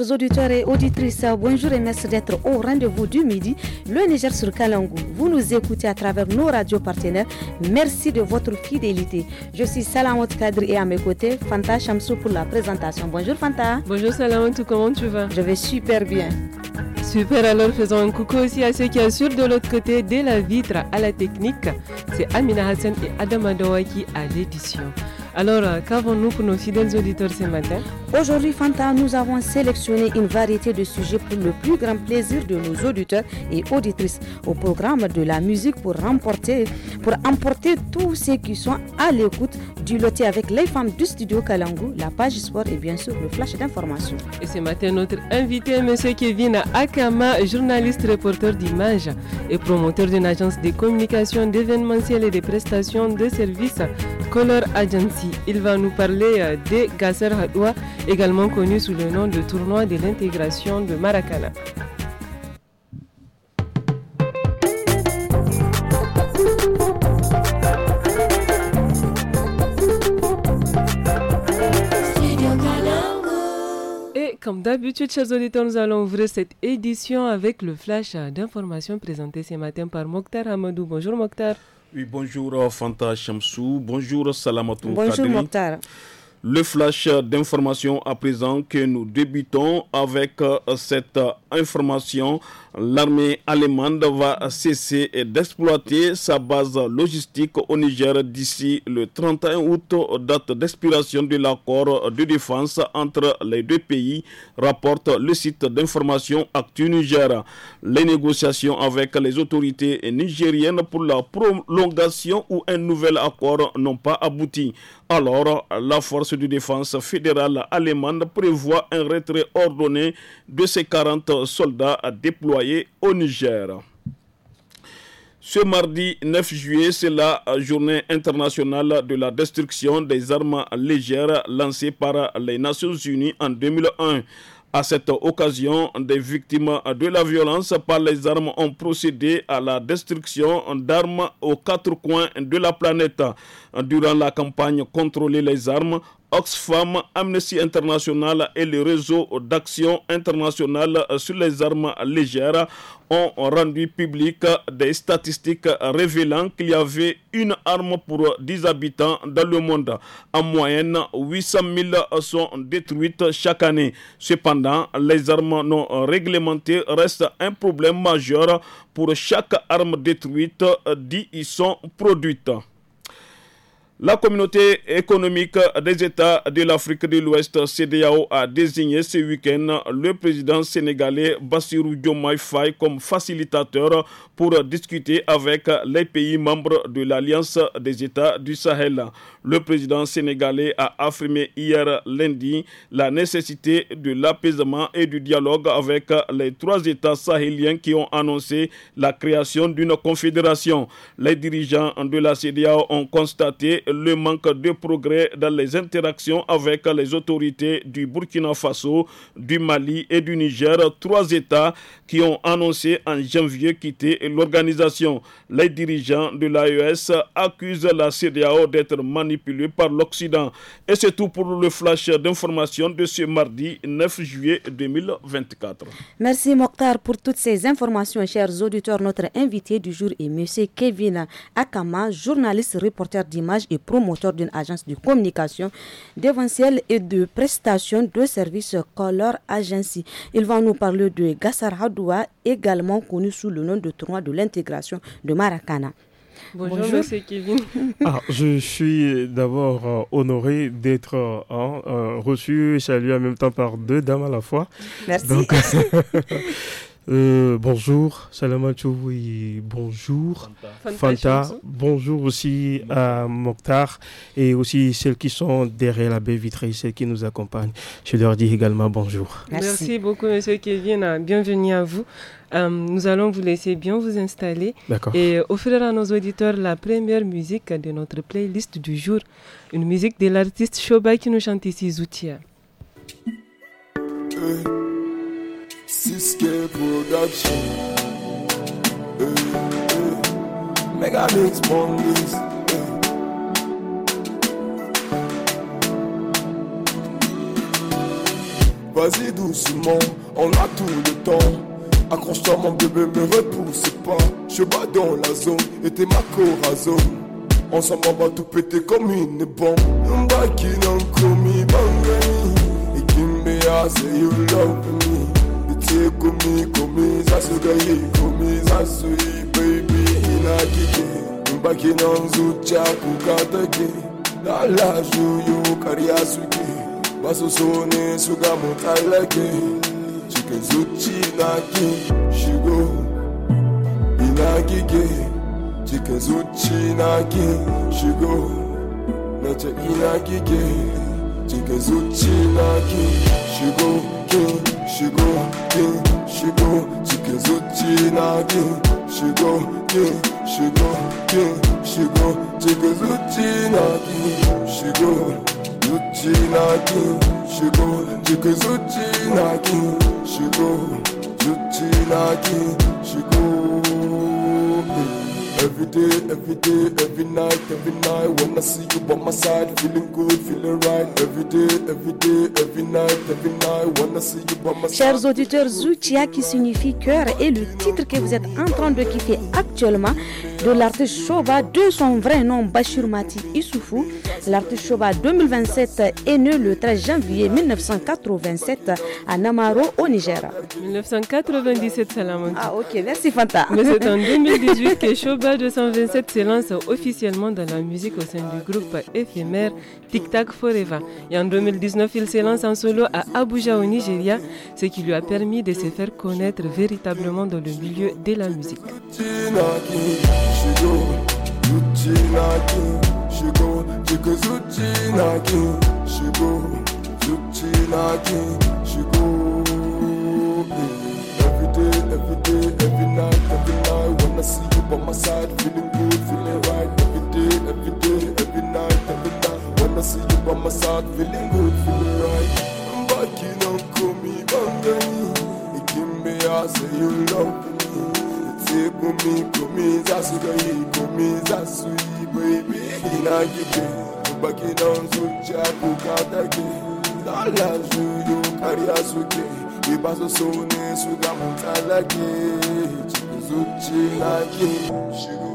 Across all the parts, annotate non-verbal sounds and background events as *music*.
auditeurs et auditrices, bonjour et merci d'être au rendez-vous du midi, le Niger sur Kalangou. Vous nous écoutez à travers nos radios partenaires. Merci de votre fidélité. Je suis Salamot Kadri et à mes côtés, Fanta Chamsou pour la présentation. Bonjour Fanta. Bonjour Salamot, comment tu vas Je vais super bien. Super, alors faisons un coucou aussi à ceux qui assurent de l'autre côté, dès la vitre à la technique. C'est Amina Hassan et Adam Adawaki à l'édition. Alors, euh, qu'avons-nous pour nos fidèles auditeurs ce matin Aujourd'hui, Fanta, nous avons sélectionné une variété de sujets pour le plus grand plaisir de nos auditeurs et auditrices au programme de la musique pour remporter, pour emporter tous ceux qui sont à l'écoute du loté avec les femmes du studio Kalangou, la page sport et bien sûr le flash d'information. Et ce matin, notre invité, M. Kevin Akama, journaliste reporter d'images et promoteur d'une agence de communication, d'événementiel et de prestations de services Color Agency. Il va nous parler euh, des Gasser Hadoua, également connu sous le nom de tournoi de l'intégration de Maracana. Et comme d'habitude, chers auditeurs, nous allons ouvrir cette édition avec le flash d'informations présenté ce matin par Mokhtar Hamadou. Bonjour Mokhtar. Oui, bonjour Fanta Chamsou, bonjour Salamatou Bonjour Mokhtar. Le flash d'information à présent que nous débutons avec euh, cette information. L'armée allemande va cesser d'exploiter sa base logistique au Niger d'ici le 31 août, date d'expiration de l'accord de défense entre les deux pays, rapporte le site d'information Actu Niger. Les négociations avec les autorités nigériennes pour la prolongation ou un nouvel accord n'ont pas abouti. Alors, la force de défense fédérale allemande prévoit un retrait ordonné de ses 40 soldats déployés au Niger. Ce mardi 9 juillet, c'est la journée internationale de la destruction des armes légères lancée par les Nations Unies en 2001. À cette occasion, des victimes de la violence par les armes ont procédé à la destruction d'armes aux quatre coins de la planète. Durant la campagne Contrôler les armes, Oxfam, Amnesty International et le réseau d'action internationale sur les armes légères ont rendu public des statistiques révélant qu'il y avait une arme pour 10 habitants dans le monde. En moyenne, 800 000 sont détruites chaque année. Cependant, les armes non réglementées restent un problème majeur. Pour chaque arme détruite, d'y y sont produites. La communauté économique des États de l'Afrique de l'Ouest, CDAO, a désigné ce week-end le président sénégalais Bassirou Diomaye Faye comme facilitateur pour discuter avec les pays membres de l'Alliance des États du Sahel. Le président sénégalais a affirmé hier lundi la nécessité de l'apaisement et du dialogue avec les trois États sahéliens qui ont annoncé la création d'une confédération. Les dirigeants de la CDAO ont constaté le manque de progrès dans les interactions avec les autorités du Burkina Faso, du Mali et du Niger, trois États qui ont annoncé en janvier quitter l'organisation. Les dirigeants de l'AES accusent la CDAO d'être manipulée par l'Occident. Et c'est tout pour le flash d'information de ce mardi 9 juillet 2024. Merci Mokhtar pour toutes ces informations, chers auditeurs. Notre invité du jour est M. Kevin Akama, journaliste reporter d'images et promoteur d'une agence de communication, d'éventuels et de prestation de services color agency. Ils vont nous parler de Gassar Hadoua, également connu sous le nom de tournoi de l'intégration de Maracana. Bonjour, Bonjour, Kevin. *laughs* Ah, je suis d'abord euh, honoré d'être euh, hein, euh, reçu et salué en même temps par deux dames à la fois. Merci. *laughs* Euh, bonjour, salam oui, bonjour. Fanta, bonjour aussi à Mokhtar et aussi celles qui sont derrière la baie vitrée, celles qui nous accompagnent. Je leur dis également bonjour. Merci, beaucoup, monsieur Kevin. Bienvenue à vous. Euh, nous allons vous laisser bien vous installer et offrir à nos auditeurs la première musique de notre playlist du jour, une musique de l'artiste Shoba qui nous chante ici Zoutia. Siske k production. Hey, hey. Mega Vas-y doucement, on a tout le temps. Accroche-toi mon bébé, me repousse pas. Je bats dans la zone et t'es ma corazon. Ensemble on va tout péter comme une bombe. Mbaki qui me a, c'est you love me. Kumi kumi za su gayi Kumi za su yi baby ina kike baki nan zuciya kuka take da Allah yi karya suke ba su so ne su ga mu tsallake cikin zuci na ki shigo ina kike cikin zuci na ki shigo na ce ina kike cikin zuci na ki shigo ki she go king, she go chicken zuchi na king, she go king, she go king, she go chicken zuchi na king, she go zuchi na king, she go chicken zuchi na king, she go zuchi na king, she go. Every day, every day, every night, every night. When I see you by my side, feeling good, feeling right. Every day, every day, every night, every night. When I see you by my side. Chers auditeurs, Zuchia qui signifie cœur est le titre que vous êtes en train de kiffer actuellement de l'artiste Shoba de son vrai nom Bachir Mati Issoufou. L'artiste Shoba 2027 est né le 13 janvier 1987 à Namaro au Niger. 1997 Salamon. Ah ok, merci Fanta. Mais c'est en 2018 *laughs* que Shoba 227 se lance officiellement dans la musique au sein du groupe éphémère Tic Tac Forever. Et en 2019, il se lance en solo à Abuja au Nigeria, ce qui lui a permis de se faire connaître véritablement dans le milieu de la musique. she go Gucci knocking, she go Take a Gucci she go Gucci knocking, she go Every day, every day, every night, every night When I see you by my side, feeling good, feeling right Every day, every day, every night, every night When I see you by my side, feeling good, feeling right back in, I'm coming, I'm It give me, I say you love me Hey, come me, come me, baby. In a given, back in on such a cook at We pass a soul, so that I'm not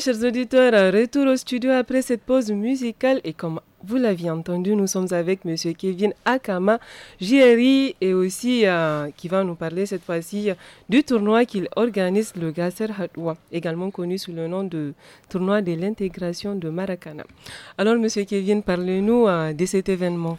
chers auditeurs, retour au studio après cette pause musicale et comme vous l'aviez entendu, nous sommes avec M. Kevin Akama, JRI, et aussi euh, qui va nous parler cette fois-ci du tournoi qu'il organise, le Gasser Hatwa, également connu sous le nom de tournoi de l'intégration de Maracana. Alors, Monsieur Kevin, parlez-nous euh, de cet événement.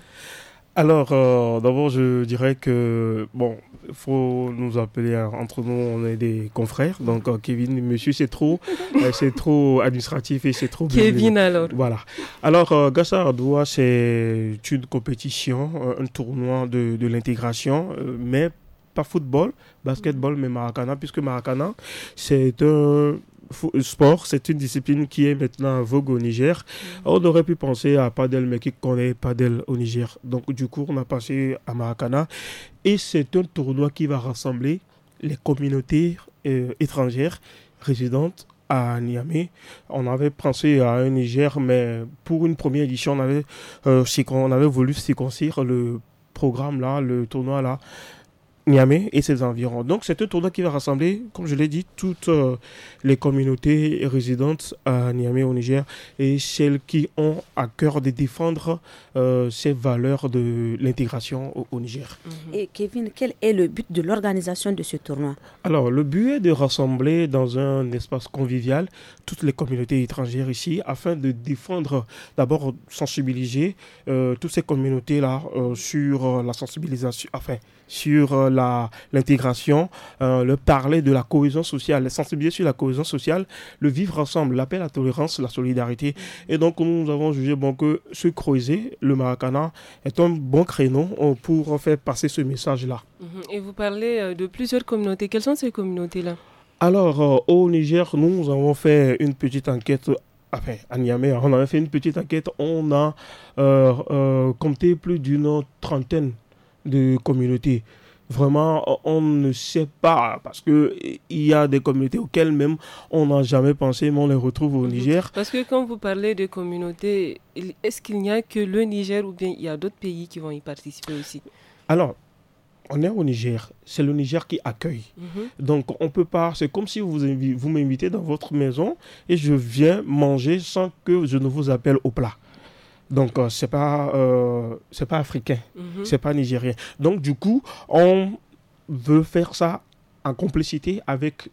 Alors, euh, d'abord, je dirais que, bon, faut nous appeler, entre nous, on est des confrères. Donc, euh, Kevin, monsieur, c'est trop, *laughs* euh, c'est trop administratif et c'est trop... Kevin, alors. Voilà. Alors, Gassa c'est une compétition, un tournoi de, de l'intégration, mais pas football, basketball, mais Maracana, puisque Maracana, c'est un sport, c'est une discipline qui est maintenant en vogue au Niger. Mm. On aurait pu penser à Padel, mais qui connaît Padel au Niger. Donc, du coup, on a passé à Maracana. Et c'est un tournoi qui va rassembler les communautés euh, étrangères résidentes à Niamey. On avait pensé à un Niger, mais pour une première édition, on avait, euh, on avait voulu circoncire le programme là, le tournoi là. Niamey et ses environs. Donc c'est un tournoi qui va rassembler, comme je l'ai dit, toutes euh, les communautés résidentes à Niamey au Niger et celles qui ont à cœur de défendre euh, ces valeurs de l'intégration au, Niger. Mhm. Et Kevin, quel est le but de l'organisation de ce tournoi Alors le but est de rassembler dans un espace convivial toutes les communautés étrangères ici afin de défendre, d'abord sensibiliser euh, toutes ces communautés-là sur la sensibilisation, enfin sur l'intégration, euh, le parler de la cohésion sociale, sensibiliser sur la cohésion sociale, le vivre ensemble, l'appel à la tolérance, la solidarité. Et donc, nous avons jugé bon que ce creuser le Maracana est un bon créneau euh, pour faire passer ce message-là. Mhm. Et vous parlez euh, de plusieurs communautés. Quelles sont ces communautés-là alors, au Niger, nous avons fait une petite enquête enfin, à Niamey, hein, on avait fait une petite enquête, on a compté plus d'une trentaine de communautés. Vraiment, on ne sait pas parce que il y a des communautés auxquelles même on n'a jamais pensé, mais on les retrouve au Niger. Parce que quand vous parlez de communautés, est-ce qu'il n'y a que le Niger ou bien il y a d'autres pays qui vont y participer aussi Alors, on est au Niger, c'est le Niger qui accueille. Mhm. Donc on peut pas, c'est comme si vous, vous m'invitez dans votre maison et je viens manger sans que je ne vous appelle au plat. Donc, euh, c'est pas, euh, c'est pas africain, mhm. c'est pas nigérien. Donc, du coup, on veut faire ça en complicité avec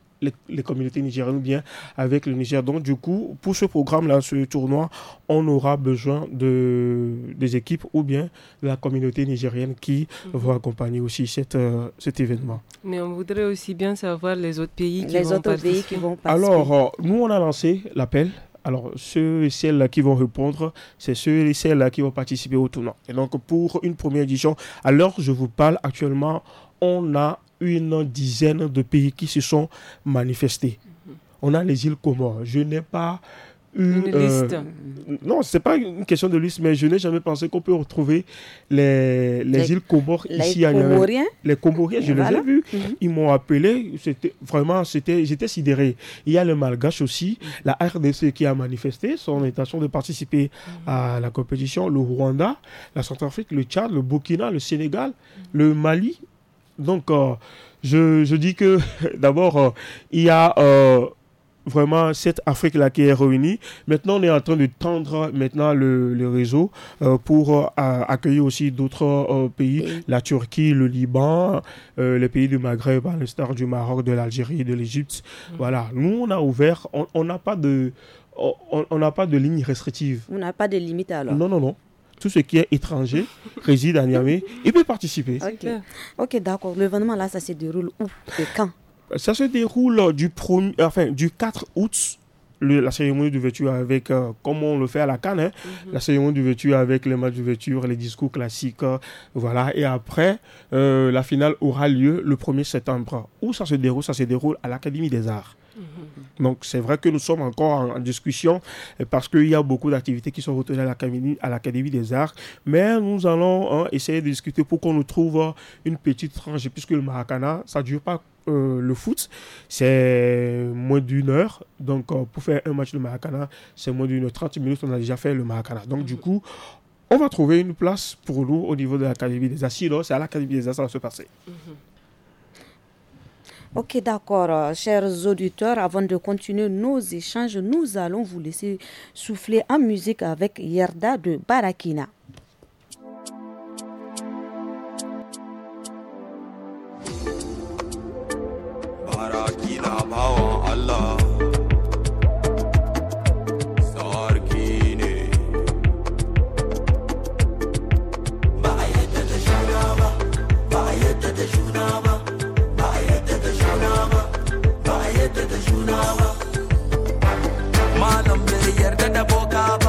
les, communautés nigériennes ou bien avec le Niger. Donc, du coup, pour ce programme-là, ce tournoi, on aura besoin de, des équipes ou bien de la communauté nigérienne qui mhm. vont accompagner aussi cette, euh, cet événement. Mais on voudrait aussi bien savoir les autres pays qui, vont, Alors, nous, on a lancé l'appel alors, ceux et celles qui vont répondre, c'est ceux et celles là qui vont participer au tournoi. Et donc, pour une première édition, alors je vous parle, actuellement, on a une dizaine de pays qui se sont manifestés. Mm-hmm. On a les îles Comores. Je n'ai pas une, euh, liste. Non, c'est pas une question de liste, mais je n'ai jamais pensé qu'on peut retrouver les, îles Comores ici à Comoriens. Les Comoriens, je les ai vus. Mhm. Ils m'ont appelé. vraiment, j'étais sidéré. Il y a le Malgache aussi, la RDC qui a manifesté son intention de participer à la compétition, le Rwanda, la Centrafrique, le Tchad, le Burkina, le Sénégal, le Mali. Donc, euh, je, dis que *laughs* d'abord, euh, il y a vraiment cette Afrique-là qui est réunie. Maintenant, on est en train de tendre maintenant le, réseau euh, pour euh, accueillir aussi d'autres euh, pays, la Turquie, le Liban, les pays du Maghreb, hein, le l'instar du Maroc, de l'Algérie, de l'Égypte. Mm. Voilà, nous, on a ouvert, on n'a pas de... On n'a pas de ligne restrictive. On n'a pas de limite alors. Non, non, non tout ce qui est étranger *laughs* réside à Niamey, et peut participer. Ok, d'accord. L'événement là, ça se déroule où et quand ça se déroule euh, du, premier, euh, enfin, du 4 août la cérémonie d'ouverture avec, euh, comme on le fait à la Cannes, hein, mhm. la cérémonie d'ouverture avec les matchs d'ouverture, les discours classiques, voilà. Et après, la finale aura lieu le 1er septembre. Où ça se déroule Ça se déroule à l'Académie des Arts. Mhm. Donc c'est vrai que nous sommes encore en, discussion euh, parce qu'il y a beaucoup d'activités qui sont retenues à l'Académie des Arts, mais nous allons hein, essayer de discuter pour qu'on nous trouve euh, une petite tranche, puisque le Maracana, ça ne dure pas euh, le foot, c'est moins d'une heure. Donc, pour faire un match de Maracana, c'est moins d'une heure. 30 minutes, on a déjà fait le Maracana. Donc, du mhm. coup, on va trouver une place pour nous au niveau de l'Académie des Arts. Sinon, c'est à l'Académie des Arts, ça va se passer. Mhm. Ok, d'accord, euh, chers auditeurs, avant de continuer nos échanges, nous allons vous laisser souffler en musique avec Yerda de Barakina.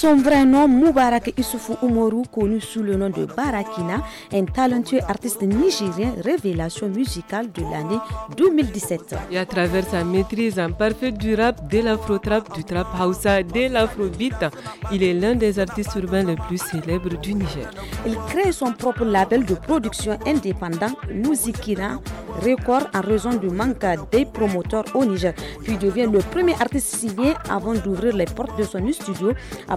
son vrai nom, Moubarak Issoufou Umoru, connu sous le nom de Barakina, un talentueux artiste nigérien, révélation musicale de l'année 2017. Et à travers sa maîtrise en parfait du rap, de l'afro-trap, du trap hausa, de l'afrobeat, il est l'un des artistes urbains les plus célèbres du Niger. Il crée son propre label de production indépendant, Muzikira Record, en raison du manque des promoteurs au Niger, puis devient le premier artiste civil avant d'ouvrir les portes de son studio à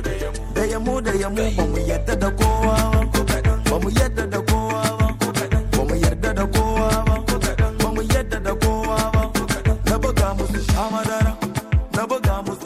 They are mu they are mu We mu the da kowa ba ko kaɗan ba mu yarda da kowa ba ko kaɗan ba mu yarda da kowa ba ko kaɗan ba mu yarda da kowa ba ko kaɗan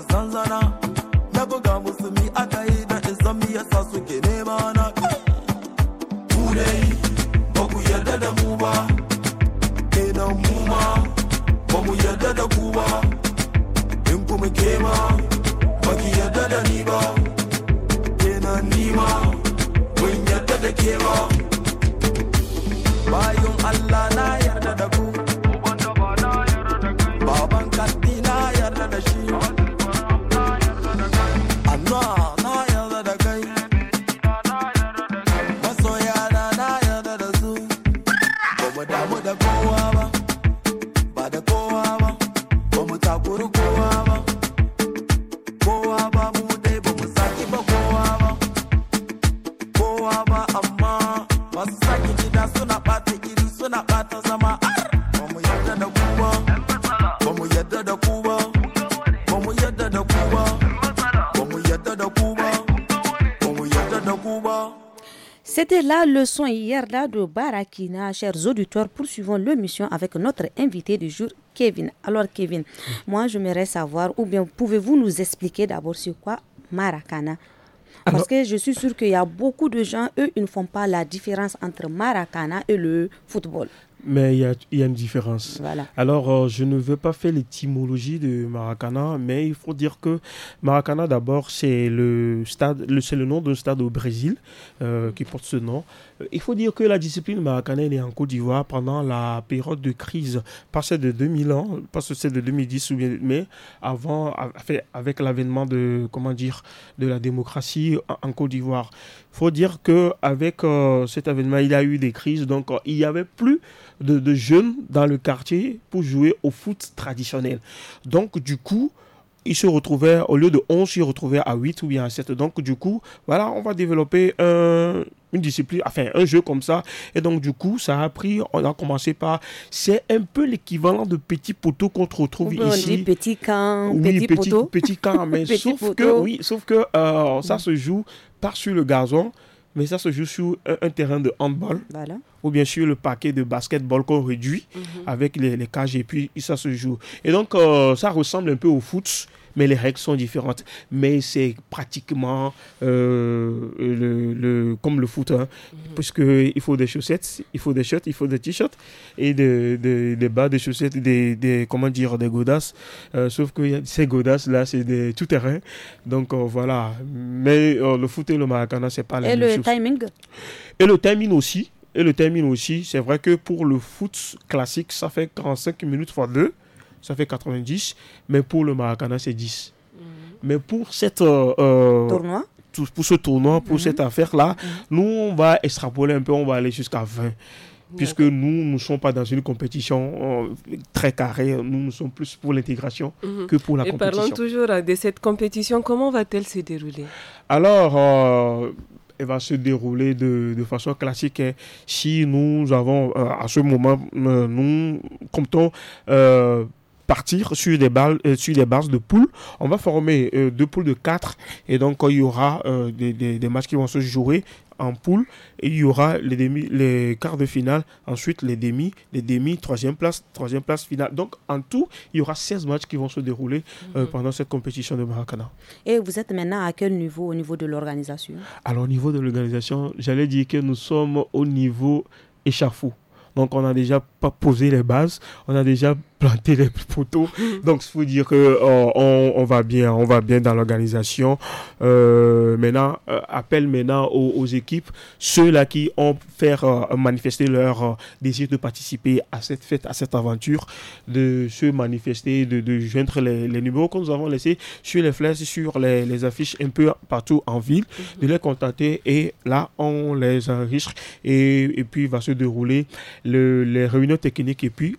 la leçon hier là de Barakina, chers auditeurs, poursuivons l'émission avec notre invité du jour, Kevin. Alors Kevin, moi j'aimerais savoir, ou bien pouvez-vous nous expliquer d'abord sur quoi Maracana Parce que je suis sûr qu'il y a beaucoup de gens, eux, ils ne font pas la différence entre Maracana et le football mais il y a, une différence. Alors, euh, je ne veux pas faire l'étymologie de Maracana, mais il faut dire que Maracana, d'abord, c'est le, stade, le, le nom d'un stade au Brésil euh, qui porte ce nom. Euh, il faut dire que la discipline marocaine en Côte d'Ivoire pendant la période de crise, pas celle de 2000 ans, pas celle de 2010 ou bien, mais avant, avec l'avènement de, comment dire, de la démocratie en Côte d'Ivoire. Il faut dire qu'avec euh, cet avènement, il y a eu des crises, donc euh, il n'y avait plus de, jeunes dans le quartier pour jouer au foot traditionnel. Donc, du coup, ils se retrouvaient au lieu de 11, ils se retrouvaient à 8 ou bien à 7. Donc, du coup, voilà, on va développer un une discipline, enfin un jeu comme ça. Et donc du coup, ça a pris, on a commencé par, c'est un peu l'équivalent de petits poteaux qu'on retrouve ici. On dit petit camp, oui, petit, camp, mais *laughs* sauf, Que, oui, sauf que euh, ça se joue par sur le gazon. Mais ça se joue sur un, terrain de handball ou bien sur le paquet de basketball qu'on réduit mhm. avec les, cages et puis ça se joue. Et donc euh, ça ressemble un peu au foot mais les règles sont différentes. Mais c'est pratiquement euh, le, comme le foot, hein, mhm. il puisqu'il faut des chaussettes, il faut des shirts, il faut des t-shirts et des, bas, des, bas chaussettes, des, des, comment dire, des godasses. Euh, sauf que ces godasses-là, c'est des tout-terrain. Donc euh, voilà. Mais le foot et le maracana, c'est pas la même chose. Et le timing Et le timing aussi. Et le timing aussi. C'est vrai que pour le foot classique, ça fait 45 minutes fois 2 ça fait 90, mais pour le Maracana, c'est 10. Mm-hmm. Mais pour cette... Euh, euh, pour ce tournoi, pour cette mm-hmm. affaire-là, mm-hmm. nous, on va extrapoler un peu, on va aller jusqu'à 20 puisque nous, nous ne sommes pas dans une compétition euh, très carrée, nous, nous sommes plus pour l'intégration que pour la compétition. Et parlons toujours de cette compétition, comment va-t-elle se dérouler Alors, elle va se dérouler de, façon classique. Hein. Si nous avons, à ce moment, nous comptons partir sur des, balles, euh, sur des bases de poules. On va former euh, deux poules de quatre et donc euh, il y aura des, matchs qui vont se jouer en poule et il y aura les demi, les quarts de finale, ensuite les demi, les demi, troisième place, troisième place finale. Donc en tout, il y aura 16 matchs qui vont se dérouler mhm. pendant cette compétition de Maracana. Et vous êtes maintenant à quel niveau au niveau de l'organisation Alors au niveau de l'organisation, j'allais dire que nous sommes au niveau échafaud. Donc on n'a déjà pas posé les bases, on a déjà planter les *laughs* poteaux. Donc, il faut dire que euh, on, va bien, on va bien dans l'organisation. Euh, maintenant, euh, appel maintenant aux, équipes, ceux-là qui ont fait manifester leur désir de participer à cette fête, à cette aventure, de se manifester, de, joindre les, les, numéros que nous avons laissés sur les flèches, sur les, affiches un peu partout en ville, mhm. de les contacter et là, on les enrichit et, et puis va se dérouler les réunions techniques et puis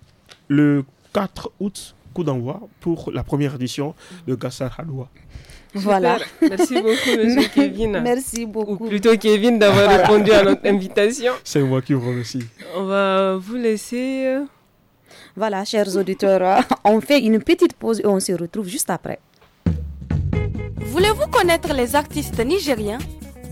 le 4 août, coup d'envoi pour la première édition de Gassar Haloua. Voilà. Merci beaucoup, monsieur *laughs* Kevin. Merci beaucoup. plutôt Kevin d'avoir répondu à notre invitation. *laughs* C'est moi qui vous remercie. On va vous laisser. Euh, voilà, chers auditeurs, euh, on fait une petite pause et on se retrouve juste après. Voulez-vous connaître les artistes nigériens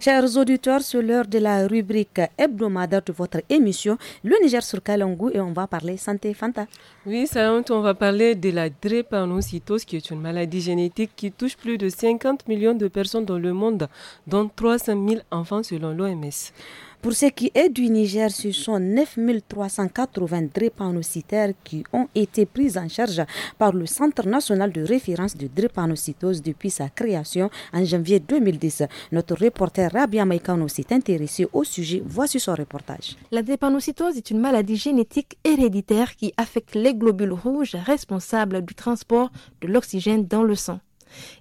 Chers auditeurs, c'est l'heure de la rubrique hebdomadaire de votre émission, le Niger sur Kalangou, et on va parler santé Fanta. Oui, ça, on va parler de la drépanocytose, qui est une maladie génétique qui touche plus de 50 millions de personnes dans le monde, dont 300 000 enfants selon l'OMS. Pour ce qui est du Niger, ce sont 9380 drépanocytaires qui ont été pris en charge par le Centre national de référence de drépanocytose depuis sa création en janvier 2010. Notre reporter Rabia Maïkano s'est intéressé au sujet. Voici son reportage. La drépanocytose est une maladie génétique héréditaire qui affecte les globules rouges responsables du transport de l'oxygène dans le sang.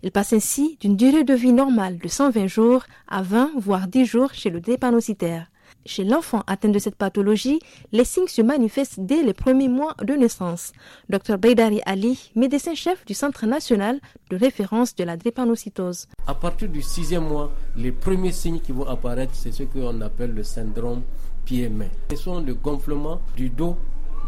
Il passe ainsi d'une durée de vie normale de 120 jours à 20 voire 10 jours chez le drépanocytaire. Chez l'enfant atteint de cette pathologie, les signes se manifestent dès les premiers mois de naissance. Dr Baidari Ali, médecin-chef du Centre national de référence de la drépanocytose. À partir du sixième mois, les premiers signes qui vont apparaître, c'est ce qu'on appelle le syndrome pied-main. Ce sont le gonflement du dos,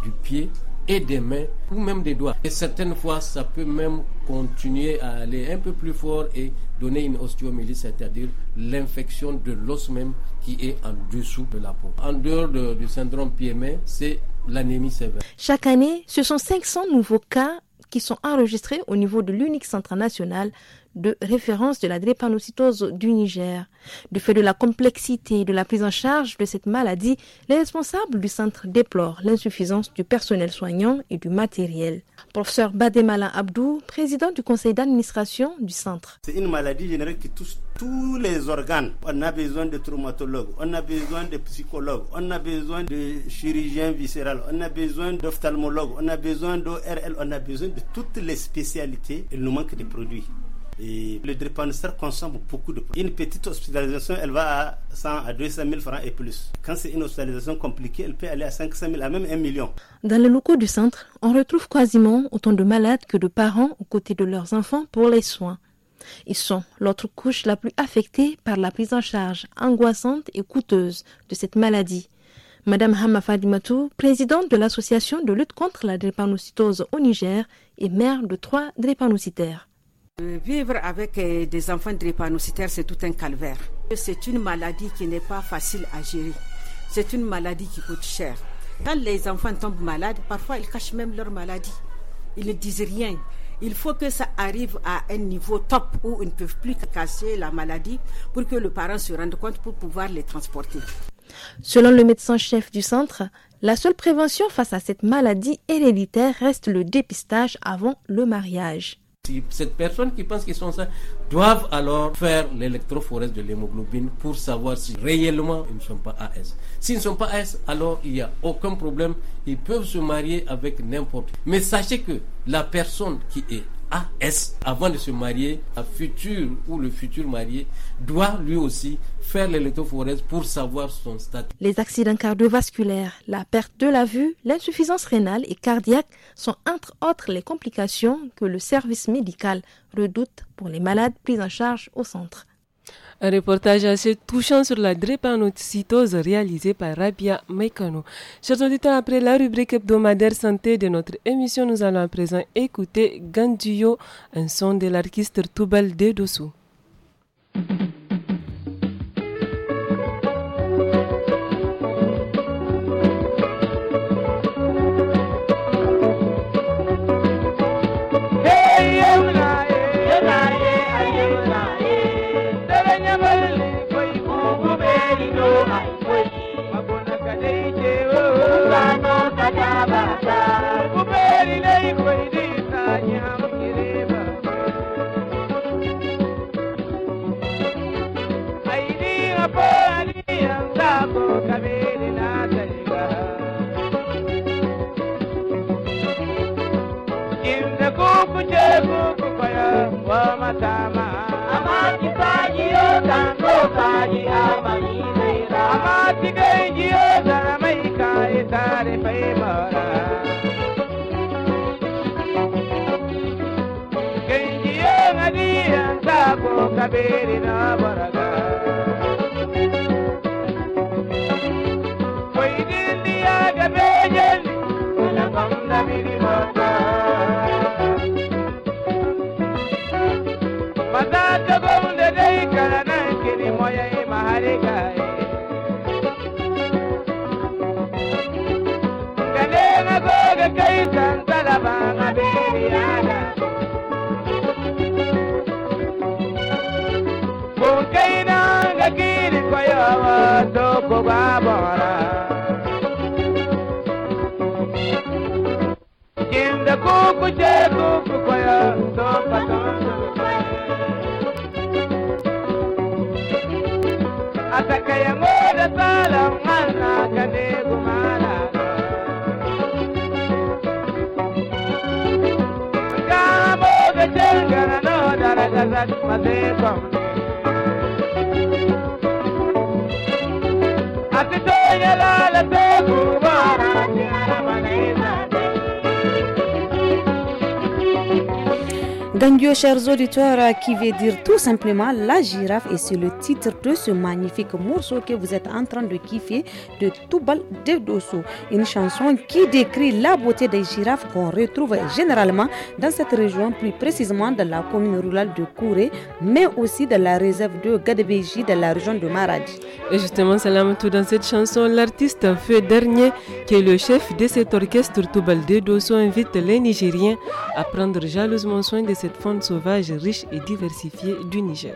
du pied et des mains ou même des doigts. Et certaines fois, ça peut même continuer à aller un peu plus fort et donner une ostéomyélite, c'est-à-dire l'infection de l'os même qui est en dessous de la peau. En dehors du syndrome pied c'est l'anémie sévère. Chaque année, ce sont 500 nouveaux cas qui sont enregistrés au niveau de l'unique centre national de référence de la drépanocytose du Niger. Du fait de la complexité de la prise en charge de cette maladie, les responsables du centre déplorent l'insuffisance du personnel soignant et du matériel. Professeur Bademala Abdou, président du conseil d'administration du centre. C'est une maladie générale qui touche tous les organes. On a besoin de traumatologues, on a besoin de psychologues, on a besoin de chirurgiens viscérales, on a besoin d'ophtalmologues, on a besoin d'ORL, on a besoin de toutes les spécialités. Il nous manque des produits. Et le dépenseur consomme beaucoup de produits. Une petite hospitalisation, elle va à 100 à 200 000 francs et plus. Quand c'est une hospitalisation compliquée, elle peut aller à 500 000, à même 1 million. Dans les locaux du centre, on retrouve quasiment autant de malades que de parents aux côtés de leurs enfants pour les soins. Ils sont l'autre couche la plus affectée par la prise en charge angoissante et coûteuse de cette maladie. Madame Hama Fadimatou, présidente de l'association de lutte contre la drépanocytose au Niger et mère de trois drépanocytaires. Euh, vivre avec euh, des enfants drépanocytaires, c'est tout un calvaire. C'est une maladie qui n'est pas facile à gérer. C'est une maladie qui coûte cher. Quand les enfants tombent malades, parfois ils cachent même leur maladie. Ils ne disent rien. Il faut que ça arrive à un niveau top où ils ne peuvent plus casser la maladie pour que le parent se rende compte pour pouvoir les transporter. Selon le médecin-chef du centre, la seule prévention face à cette maladie héréditaire reste le dépistage avant le mariage. Si cette personne qui pense qu'ils sont ça doivent alors faire l'électrophorèse de l'hémoglobine pour savoir si réellement ils ne sont pas AS. S'ils ne sont pas AS, alors il n'y a aucun problème. Ils peuvent se marier avec n'importe. qui Mais sachez que la personne qui est AS avant de se marier, à futur ou le futur marié doit lui aussi faire l'électrophorèse pour savoir son statut. Les accidents cardiovasculaires, la perte de la vue, l'insuffisance rénale et cardiaque sont entre autres les complications que le service médical redoute pour les malades pris en charge au centre. Un reportage assez touchant sur la drépanocytose réalisé par Rabia Mekano. Chers auditeurs, après la rubrique hebdomadaire santé de notre émission, nous allons à présent écouter Ganduyo, un son de l'artiste Toubal Dessous. cikin jiyo zara mai kayi tare fai mara. Cikin jiyo ngadiyan sako kabiri na baraka. chers auditeurs, euh, qui veut dire tout simplement la girafe, et c'est le titre de ce magnifique morceau que vous êtes en train de kiffer de Toubal de Dosso. Une chanson qui décrit la beauté des girafes qu'on retrouve généralement dans cette région, plus précisément dans la commune rurale de Kouré, mais aussi dans la réserve de Gadebéji, de la région de Maradji. Et justement, Salam tout dans cette chanson, l'artiste Feu Dernier, qui est le chef de cet orchestre Toubal de Dosso, invite les Nigériens à prendre jalousement soin de cette fonte sauvage riche et diversifiée du Niger.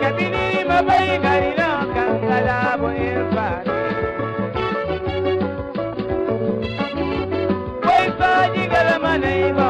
la Neighbor.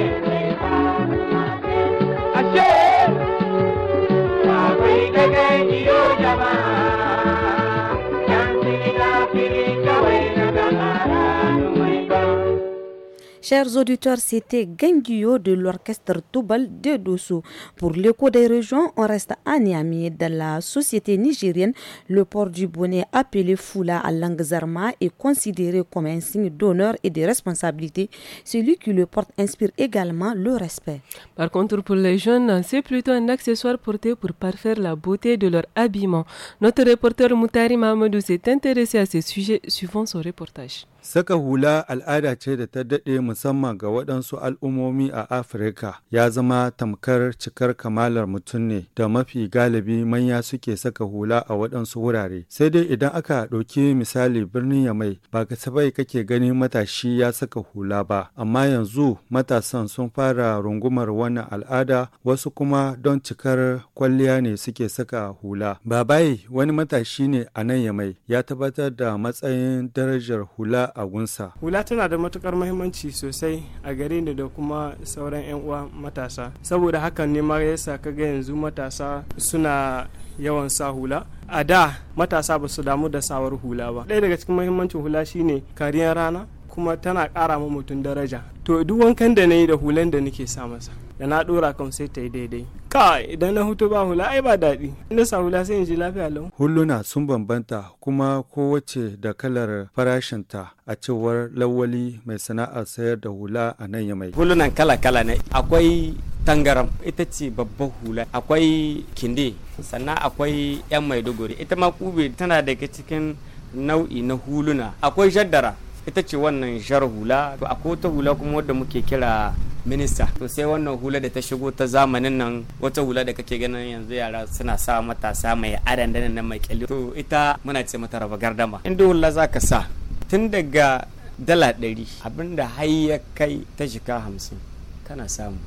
Chers auditeurs, c'était Genguyo de l'orchestre Toubal de Dosso. Pour l'écho des régions, on reste à Niamey. Dans la société nigérienne, le port du bonnet appelé Fula à langue zarma est considéré comme un signe d'honneur et de responsabilité. Celui qui le porte inspire également le respect. Par contre, pour les jeunes, c'est plutôt un accessoire porté pour parfaire la beauté de leur habillement. Notre reporter Moutari Mamadou s'est intéressé à ce sujet suivant son reportage. Saka hula al'ada ce da ta daɗe musamman ga waɗansu al'ummomi a Afirka ya zama tamkar cikar kamalar mutum ne da mafi galibi manya suke saka hula a waɗansu wurare. Sai dai idan aka ɗauki misali birnin Yamai ba ka sabai kake gani matashi ya saka hula ba, amma yanzu matasan sun fara rungumar wannan al'ada wasu kuma don cikar kwalliya ne suke saka hula. bayi wani matashi ne a nan Yamai ya tabbatar da matsayin darajar hula a gunsa. Hula tana da matukar mahimmanci sosai a gare ni da kuma sauran 'yan uwa matasa. Saboda hakan ne ma yasa kaga yanzu matasa suna yawan sa hula. A da matasa ba su damu da sawar hula ba. Ɗaya daga cikin mahimmancin hula shine kariyar rana kuma tana kara ma mutum daraja. To duk wankan da na da hulan da nake sa masa. da na dora kam sai ta yi daidai ka idan na hutu ba hula ai ba daɗi na sa hula sai in ji lafiya lau huluna sun bambanta kuma kowace da kalar farashinta a cewar lawali mai sana'ar sayar da hula a nan ya yamai hulunan kala kala ne akwai tangaram ita ce babban hula akwai kinde sannan akwai yan maiduguri ita ma kube tana daga cikin nau'i na huluna akwai jaddara ita ce wannan jar hula to a ta hula kuma wadda muke kira minista to sai wannan hula da ta shigo ta zamanin nan wata hula da kake ganin yanzu yara suna sa matasa mai adan na mai kyalli to ita muna ce mata raba gardama inda hula zaka sa tun daga dala ɗari abinda har ya kai ta shika hamsin kana samu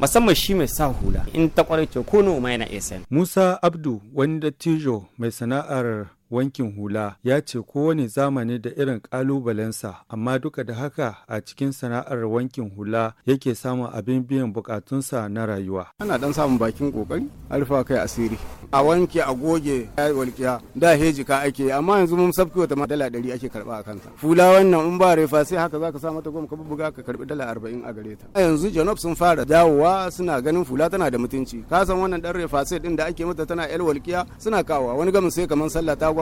musamman shi mai sa hula in ta kwarai ko noma yana iya sani musa abdu wani dattijo mai sana'ar wankin hula ya ce kowane zamani da irin ƙalubalensa amma duka da haka a cikin sana'ar wankin hula yake samun abin biyan bukatunsa na rayuwa. Ana dan samun bakin kokari alfa kai asiri. A wanke a goge ya yi walƙiya da hejika ake amma yanzu mun sabki wata ma dala ɗari ake karɓa a kansa. Fula wannan in ba refa sai haka zaka sa mata goma ka buga ka karɓi dala arba'in a gare ta. Yanzu janob sun fara dawowa suna ganin fula tana da mutunci. Ka san wannan ɗan refa sai ɗin da ake mata tana yar walƙiya suna kawowa wani gamin sai kamar sallah ta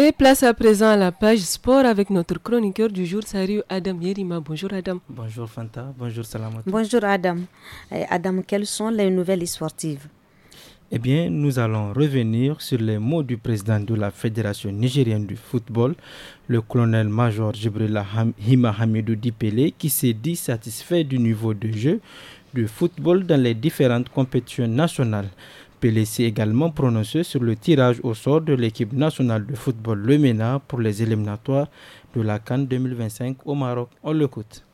Et place à présent à la page sport avec notre chroniqueur du jour, Sariu Adam Yerima. Bonjour Adam. Bonjour Fanta, bonjour Salamata. Bonjour Adam. Eh, Adam, quelles sont les nouvelles sportives Eh bien, nous allons revenir sur les mots du président de la Fédération nigérienne du football, le colonel-major Jibrila Hima Hamidou Dipele, qui s'est dit satisfait du niveau de jeu du football dans les différentes compétitions nationales. PLC également prononcé sur le tirage au sort de l'équipe nationale de football Le MENA pour les éliminatoires de la Cannes 2025 au Maroc. On l'écoute.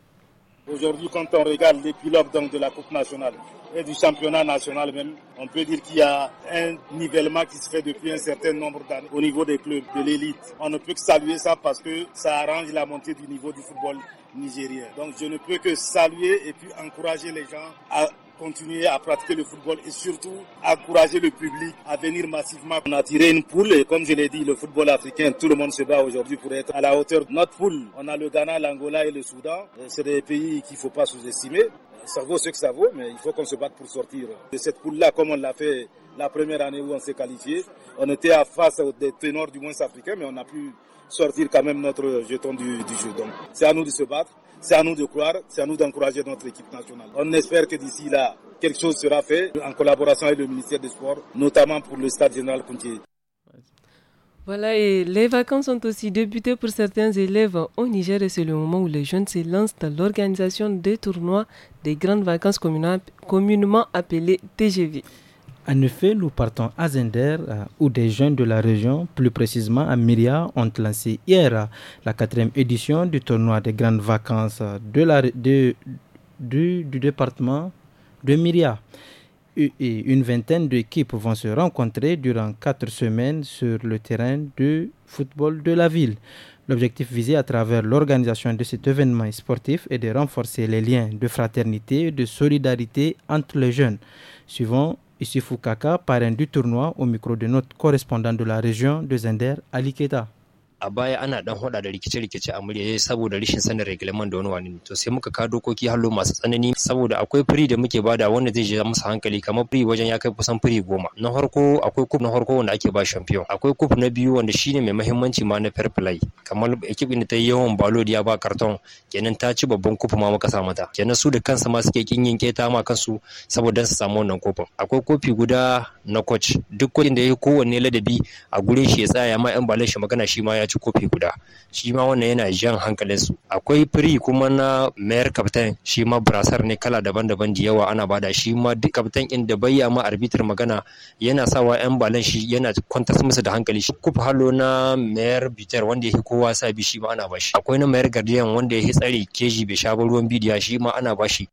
Aujourd'hui, quand on regarde les pilotes de la Coupe nationale et du championnat national même, on peut dire qu'il y a un nivellement qui se fait depuis un certain nombre d'années au niveau des clubs, de l'élite. On ne peut que saluer ça parce que ça arrange la montée du niveau du football nigérien. Donc je ne peux que saluer et puis encourager les gens à continuer à pratiquer le football et surtout encourager le public à venir massivement. On a tiré une poule et comme je l'ai dit, le football africain, tout le monde se bat aujourd'hui pour être à la hauteur de notre poule. On a le Ghana, l'Angola et le Soudan. C'est des pays qu'il ne faut pas sous-estimer. Ça vaut ce que ça vaut, mais il faut qu'on se batte pour sortir de cette poule-là comme on l'a fait la première année où on s'est qualifié. On était à face des ténors du moins africains, mais on a pu sortir quand même notre jeton du, du jeu. Donc c'est à nous de se battre. C'est à nous de croire, c'est à nous d'encourager notre équipe nationale. On espère que d'ici là, quelque chose sera fait en collaboration avec le ministère des Sports, notamment pour le stade général Voilà, et les vacances sont aussi débuté pour certains élèves au Niger et c'est le moment où les jeunes se lancent dans l'organisation des tournois des grandes vacances communément appelées TGV. En effet, nous partons à Zender, euh, où des jeunes de la région, plus précisément à Myria, ont lancé hier euh, la quatrième édition du tournoi des grandes vacances euh, du, département de Myria. une vingtaine d'équipes vont se rencontrer durant quatre semaines sur le terrain de football de la ville. L'objectif visé à travers l'organisation de cet événement sportif est de renforcer les liens de fraternité et de solidarité entre les jeunes. Suivant Ici Kaka, parrain du tournoi, au micro de notre correspondant de la région de Zender, Ali Keta. a baya ana dan hada da rikice-rikice a murya eh, saboda rashin sanin regulaman da wani wani ne to sai muka ka dokoki hallo masu tsanani saboda akwai firi da muke bada wanda zai je masa hankali kamar firi wajen ya kai kusan firi goma na farko akwai cup na farko wanda ake ba champion akwai cup na biyu wanda shine mai mahimmanci ma na fair play kamar ekip din ta yi yawan balo ya ba karton kenan ta ci babban cup ma muka sa mata kenan su da kansa ma suke kin yin keta ma kansu saboda su samu wannan kofin akwai kofi guda na coach duk kudin da ya kowanne ladabi a gurin shi ya tsaya ma yan balan shi magana shi ma ya ci kofi guda shi ma wannan yana jan hankalin su akwai firi kuma na mayar kaftan shi ma brasar ne kala daban-daban da yawa ana bada shi ma duk kaftan in da bayya ma arbitar magana yana sawa yan balan shi yana kwantar musu da hankali shi kofi halo na mayar bitar wanda yake kowa sa bi shi ma ana bashi akwai na mayar guardian wanda yake tsare keji bai sha ruwan bidiya shi ma ana bashi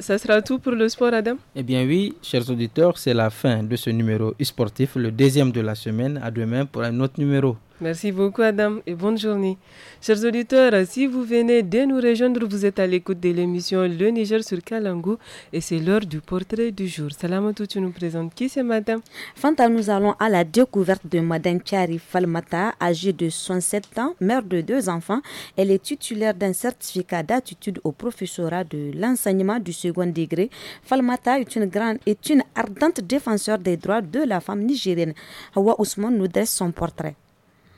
Ça sera tout pour le sport, Adam Eh bien oui, chers auditeurs, c'est la fin de ce numéro e sportif, le deuxième de la semaine. À demain pour un autre numéro. Merci beaucoup Adam et bonne journée. Chers auditeurs, si vous venez de nous rejoindre, vous êtes à l'écoute de l'émission Le Niger sur Kalangu et c'est l'heure du portrait du jour. Salamatou, tu nous présentes qui ce madame Fanta, nous allons à la découverte de Madame Chiari Falmata, âgée de 67 ans, mère de deux enfants. Elle est titulaire d'un certificat d'attitude au professorat de l'enseignement du second degré. Falmata est une, grande, est une ardente défenseur des droits de la femme nigérienne. Hawa Ousmane nous dresse son portrait.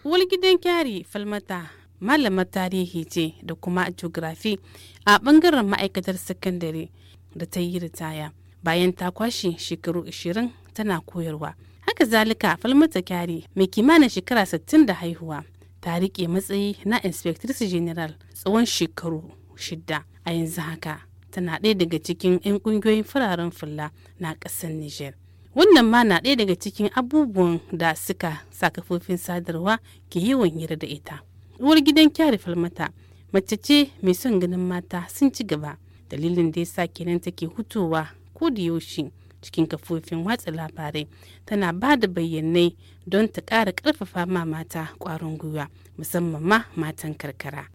wani gidan kyari falmata malamar tarihi ce da kuma geography a bangaren ma'aikatar sakandare da ta yi ritaya bayan ta kwashe shekaru 20 tana koyarwa haka zalika falmata kyari mai kimanin shekara 60 da haihuwa ta riƙe matsayi na inspectrice general tsawon shekaru shida a yanzu haka tana ɗaya daga cikin 'yan ƙungiyoyin fararen fulla na ƙasar niger wannan ma na ɗaya daga cikin abubuwan da suka sa kafofin sadarwa ke yawan hira da ita uwar gidan kyari falmata mace ce mai son ganin mata sun ci gaba dalilin da sa kenan take hutowa ko da yaushe cikin kafofin watsa labarai tana ba da bayyanai don ta ƙara ƙarfafa ma mata ƙwarin gwiwa musamman ma matan karkara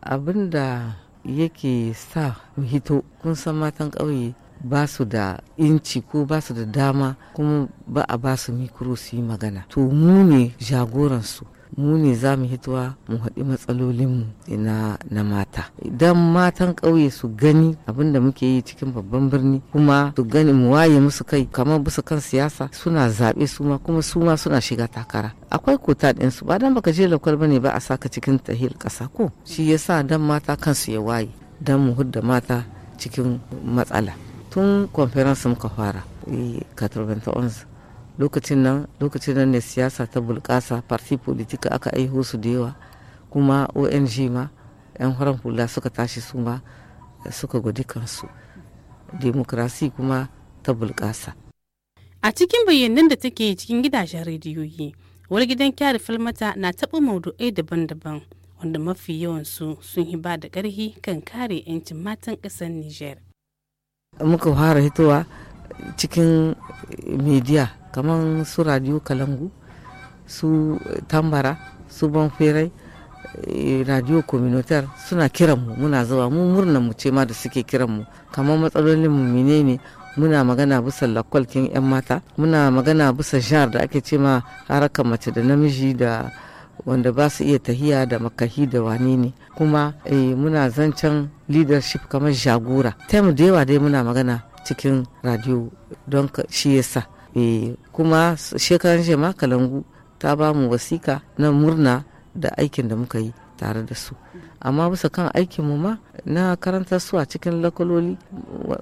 abinda yake sa mu hito kun san matan ƙauye ba su da inci ko ba su da dama kuma ba a ba su mikro su yi magana to mu ne jagoransu mu ne za mu hituwa mu haɗi matsalolinmu na, na mata idan matan ƙauye su gani abin da muke yi cikin babban birni kuma su gani mu waye musu kai kamar bisa kan siyasa suna zaɓe su ma kuma su ma suna shiga takara akwai kota ɗinsu ba dan baka je lakwal ne ba a saka cikin tahil ƙasa ko shi yasa dan mata kansu ya waye dan mu hudda mata cikin matsala tun conference muka fara 91 lokacin nan lokacin nan ne siyasa ta bulkasa parti politika aka aiho su da yawa kuma ong ma 'yan horon hula suka tashi su ma suka gudi kansu demokrasi kuma ta bulkasa a cikin bayyanan da take cikin gidajen rediyoyi wani gidan kyara falmata na taɓa maudu'ai daban-daban wanda mafi yawansu sun ba da ƙarhi kan kare 'yancin matan ƙasar niger muka fara hitowa cikin media kamar su radio kalangu su tambara su banferai eh, radio communautaire suna kiranmu muna zawa mu murnan mu ce ma da suke kiranmu kamar matsalolin mu menene muna magana bisa lakwalkin 'yan mata muna magana bisa jihar da ake ce ma harkar mace da namiji da wanda ba su iya tahiya da makahi da wani ne kuma eh, muna zancen leadership kamar jagora taimu da yawa dai muna magana cikin radio don shi yasa eh, kuma shekaran shema kalangu ta ba mu wasika na murna da aikin da muka yi tare da su amma bisa kan aikinmu ma na karanta su a cikin lakololi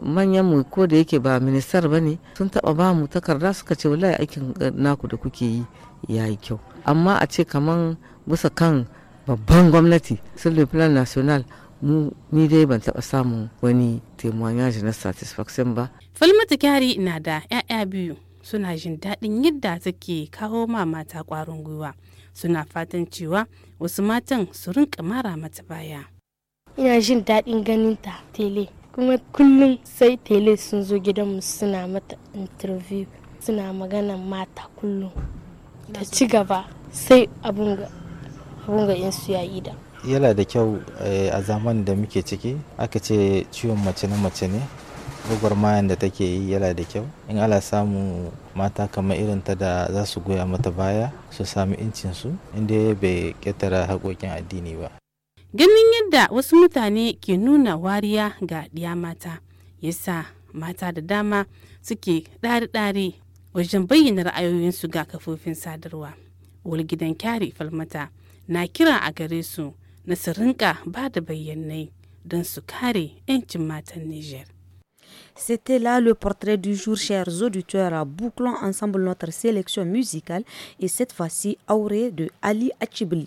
manyan mu ko da yake ba ministar ba ne sun taba ba mu takarda suka ce wallahi aikin eh, naku da kuke yi ya yi kyau amma a ce kaman bisa kan babban gwamnati sur plan national mu ni dai ban taɓa samun wani temoignage na satisfaction ba falmata kyari na da 'ya'ya biyu suna jin daɗin yadda take kawo ma mata ƙwarin gwiwa suna fatan cewa wasu matan su rinka mara mata baya ina jin daɗin ganin ta tele kuma kullum sai tele sun zo gidanmu suna mata interview suna magana mata kullum ta ci gaba sai abun ga yin su ya da. yana da kyau eh, a zaman da muke ciki aka ce ciwon mace na mace ne mayan da take yi yana da kyau in ala samu mata kamar irin ta da za su goya mata baya su sami incinsu inda bai ketara haƙoƙin addini ba ganin yadda wasu mutane ke nuna wariya ga ɗiya mata yasa mata da dama suke ɗari-ɗari wajen bayyana ra'ayoyinsu ga kafofin sadarwa gidan kyari falmata na kira a gare su na su rinka ba da bayyanai don su kare 'yancin matan niger C'était là le portrait du jour, chers auditeurs. Bouclons ensemble notre sélection musicale et cette fois-ci Auré de Ali Achibli.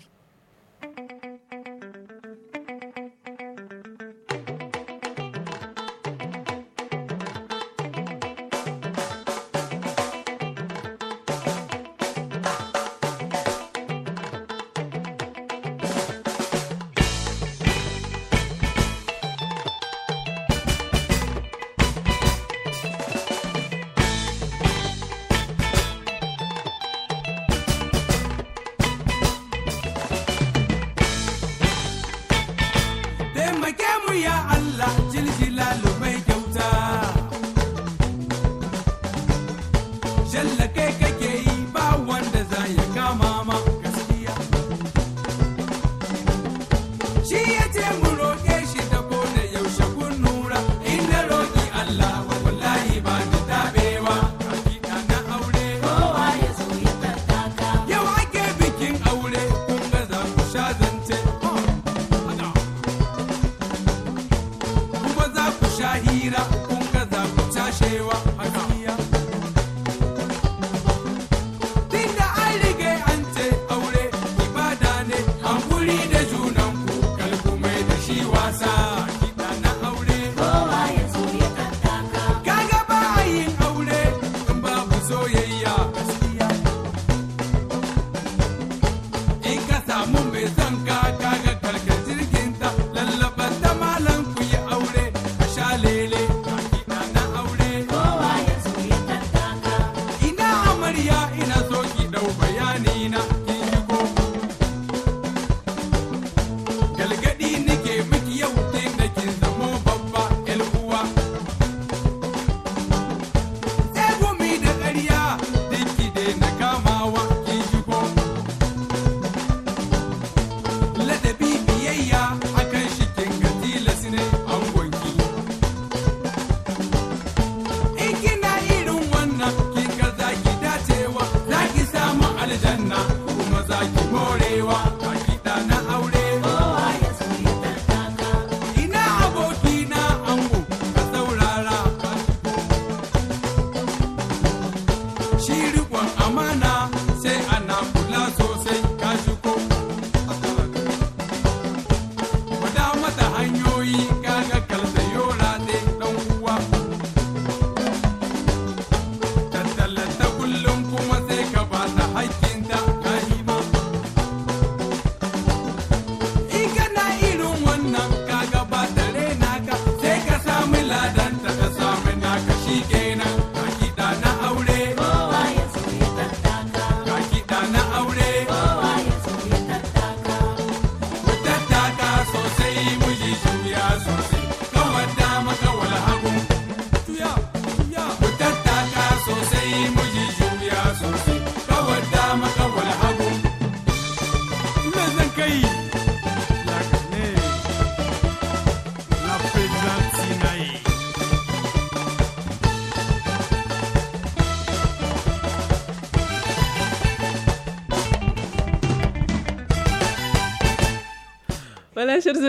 Allah so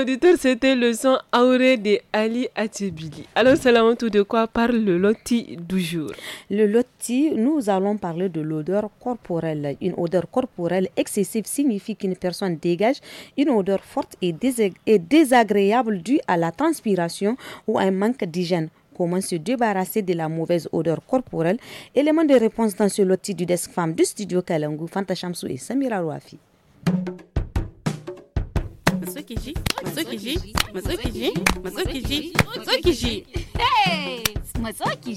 auditeurs, c'était le son Auré de Ali Atibili. Alors, tout de quoi parle le loti du jour Le loti, nous allons parler de l'odeur corporelle. Une odeur corporelle excessive signifie qu'une personne dégage une odeur forte et, désagréable due à la transpiration ou un manque d'hygiène comment se débarrasser de la mauvaise odeur corporelle. Élément de réponse dans ce loti du desk femme du studio Kalangu, Fanta Chamsou et Samira Rouafi. Masuki-ji, Masuki-ji, Masuki-ji, Hey! masuki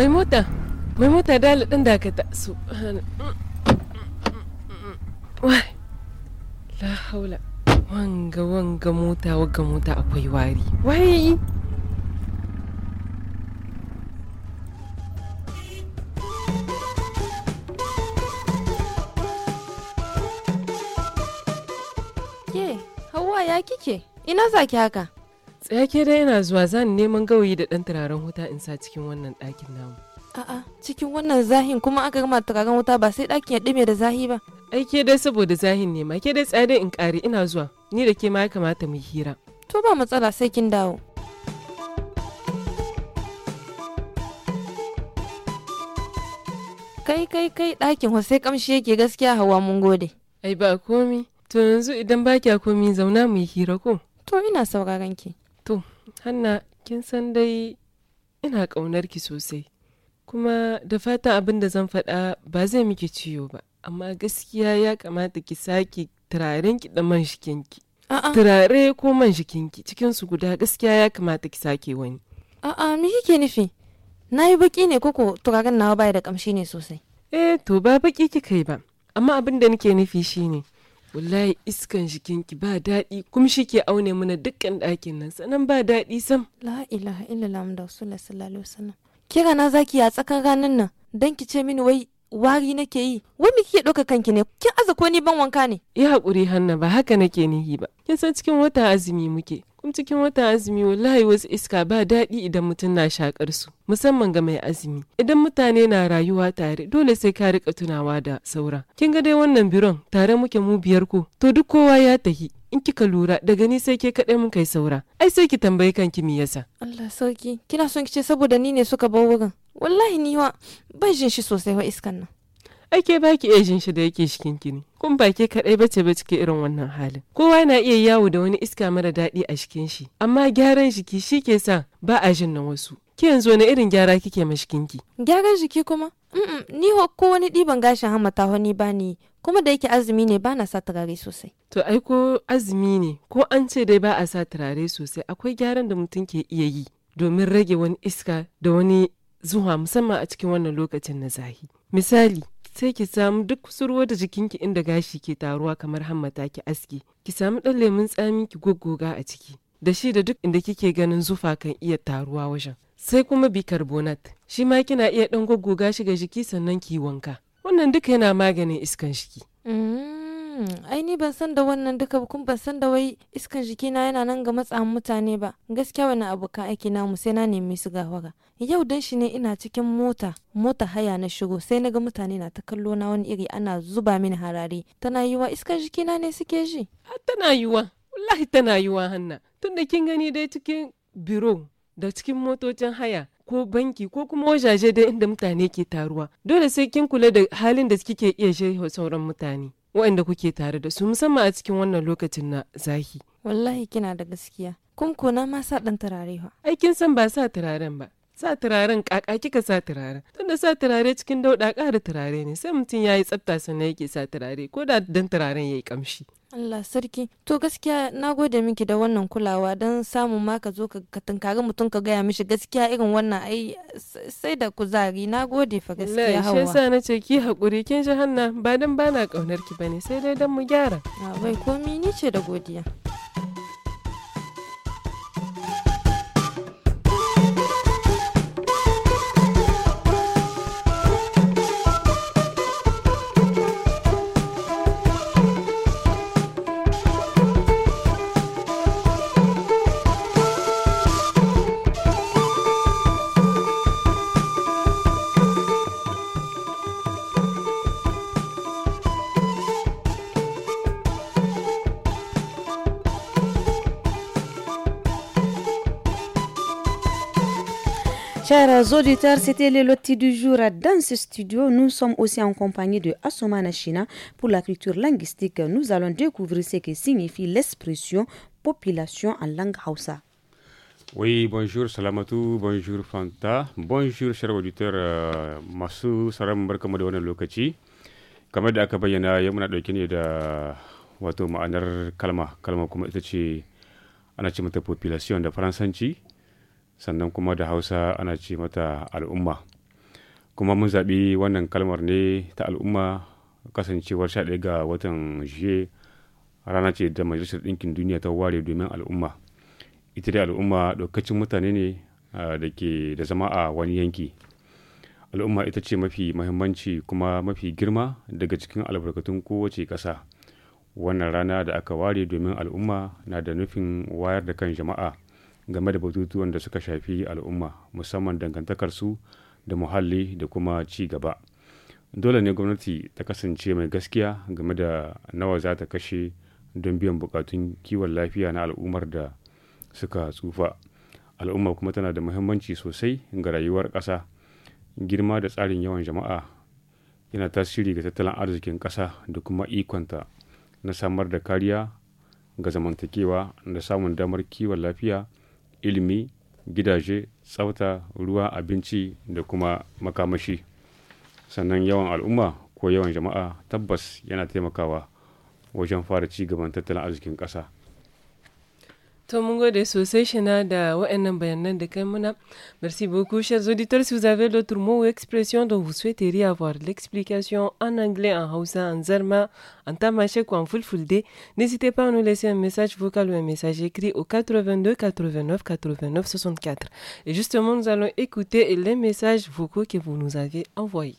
mai mota mai mota dala ɗin da ka taso la haula wanga wanga mota wanga mota akwai wari wai ke hawa ya kike ina zaki haka Tsayake dai yana zuwa zan neman gawayi da ɗan turaren wuta in sa cikin wannan ɗakin namu. A'a cikin wannan zahin kuma aka gama turaren wuta ba sai ɗakin ya ɗume da zahi ba. Ai ke dai saboda zahin ne ma ke dai tsaya in ƙari ina zuwa ni da ke ma ya kamata mu hira. To ba matsala sai kin dawo. Kai kai kai ɗakin sai kamshi yake gaskiya hawa mun gode. Ai ba komi to yanzu idan ba kya komi zauna mu hira ko. To ina sauraron ki. To, Hanna, kin san dai ina ƙaunar ki sosai. Kuma da fatan abin da zan faɗa ba zai miki ciwo ba, amma gaskiya ya kamata ki sake turaren ki da man shikinki. Turare ko man shikinki cikin su guda gaskiya ya kamata ki sake wani. A'a, me kike nufi? Na yi baki ne koko turaren nawa baya da kamshi ne sosai. Eh, to ba baki kika yi ba, amma abin da nake nufi shine. ne. wallahi iskan jikinki ba daɗi kuma shi ke aune mana dukkan ɗakin nan sanan ba daɗi sam la ilaha illallah mu da rasulullah sallallahu alaihi kira na zaki a tsakan ranan nan dan ki ce mini wai wari nake yi wai me kike ɗauka kanki ne kin aza ko ni ban wanka ne ya haƙuri hanna ba haka nake nihi ba kin san cikin wata azumi muke kuma cikin wata azumi wallahi wasu iska ba daɗi idan mutum na shakar su musamman ga mai azumi idan mutane na rayuwa tare dole sai ka rika tunawa da saura kin ga dai wannan biron tare muke mu biyar ko to duk kowa ya tahi in kika lura daga ni sai ke kaɗai mun kai saura ai sai ki tambayi kanki me yasa Allah sauki kina son ki ce saboda ni ne suka bar wurin wallahi ni wa ban jin shi sosai wa iskan nan ai ke baki iya jin shi da yake shikin ki ne kun ba ke kaɗai bace ba cikin irin wannan halin kowa na iya yawo da wani iska mara daɗi a cikin shi amma gyaran jiki shi ke sa ba a jin na wasu ki yanzu wani irin gyara kike ma ki? gyaran jiki kuma ni ko wani ɗiban gashin hammata wani ba ni kuma da yake azumi ne ba na sa turare sosai. To ai ko azumi ne ko an ce dai ba a sa turare sosai akwai gyaran da mutum ke iya yi domin rage wani iska da wani zuwa musamman a cikin wannan lokacin na zahi. Misali sai ki samu duk kusurwa da jikinki inda gashi ke taruwa kamar hammata ki aski ki samu ɗan lemun tsami ki goggoga a ciki da shi da duk inda kike ganin zufa kan iya taruwa wajen sai kuma bicarbonate shi ma kina iya ɗan goggoga shi ga jiki sannan ki wanka wannan duka yana maganin iskan shiki. Mm. ai ni ban san da wannan duka ba ban san da wai iskan jikina yana nan ga matsa mutane ba. Gaskiya wani abu ka aiki na mu sai na nemi su gawaga. Yau dan shi ne ina cikin mota, mota haya na shigo sai na ga mutane na ta kallo na wani iri ana zuba mini harare. Tana yiwa iskan jikina ne suke ji? Tana yiwa, wallahi tana yiwa hanna. Tunda kin gani dai cikin biro da cikin motocin haya ko banki ko kuma wajaje dai inda mutane ke taruwa dole sai kin kula da halin da kike iya shi sauran mutane waɗanda kuke tare da su musamman a cikin wannan lokacin na zahi. Wallahi kina da gaskiya. Kun kona ma sa ɗan turare ba. Aikin san ba sa turaren ba. Sa turaren ƙaƙa kika sa turaren. Tunda sa turare cikin dauɗa ƙara turare ne sai mutum ya yi tsafta sannan yake sa turare ko da dan turaren ya yi ƙamshi. Allah sarki to gaskiya na gode miki da wannan kulawa don samun ma ka zo ka tunkari mutum ka gaya mishi gaskiya irin wannan ai sai da kuzari na gode fa gaskiya hawa. Lai na ce ki hakuri kin ji hanna ba dan bana kaunar ki bane sai dai dan mu gyara. Bai komi ni ce da godiya. chers auditeurs, c'était le loti du jour dans ce studio. Nous sommes aussi en compagnie de Asoma Nashina pour la culture linguistique. Nous allons découvrir ce que signifie l'expression population en langue Hausa. Oui, bonjour Salamatou, bonjour Fanta, bonjour chers auditeurs euh, masu saran barkamu da wannan lokaci. Kamar da aka bayyana yau muna dauke ne da wato ma'anar kalma, kalma kuma ita ce population da Faransanci. sannan kuma da hausa ana ce mata al'umma kuma mun zaɓi wannan kalmar ne ta al'umma kasancewar sha ga watan juye rana ce da majalisar ɗinkin duniya ta ware domin al'umma ita dai al'umma ɗaukacin mutane ne da ke da zama a wani yanki al'umma ita ce mafi mahimmanci kuma mafi girma daga cikin albarkatun kowace ƙasa wannan rana da aka ware domin al'umma na da nufin wayar da kan jama'a game da batutuwan da suka shafi al'umma musamman dangantakarsu da muhalli da kuma ci gaba dole ne gwamnati ta kasance mai gaskiya game da nawa za ta kashe don biyan bukatun kiwon lafiya na al'ummar da suka tsufa al'umma kuma tana da muhimmanci sosai ga rayuwar ƙasa girma da tsarin yawan jama'a yana tasiri ga tattalin arzikin ƙasa da kuma ikonta na samar da kariya ga zamantakewa da samun damar kiwon lafiya ilimi gidaje tsafta ruwa abinci da kuma makamashi sannan yawan al'umma ko yawan jama'a tabbas yana taimakawa wajen fara ci gaban tattalin arzikin ƙasa. Merci beaucoup, chers auditeurs. Si vous avez d'autres mots ou expressions dont vous souhaiteriez avoir l'explication en anglais, en hausa, en zarma, en tamashek ou en fulfulde, n'hésitez pas à nous laisser un message vocal ou un message écrit au 82 89 89 64. Et justement, nous allons écouter les messages vocaux que vous nous avez envoyés.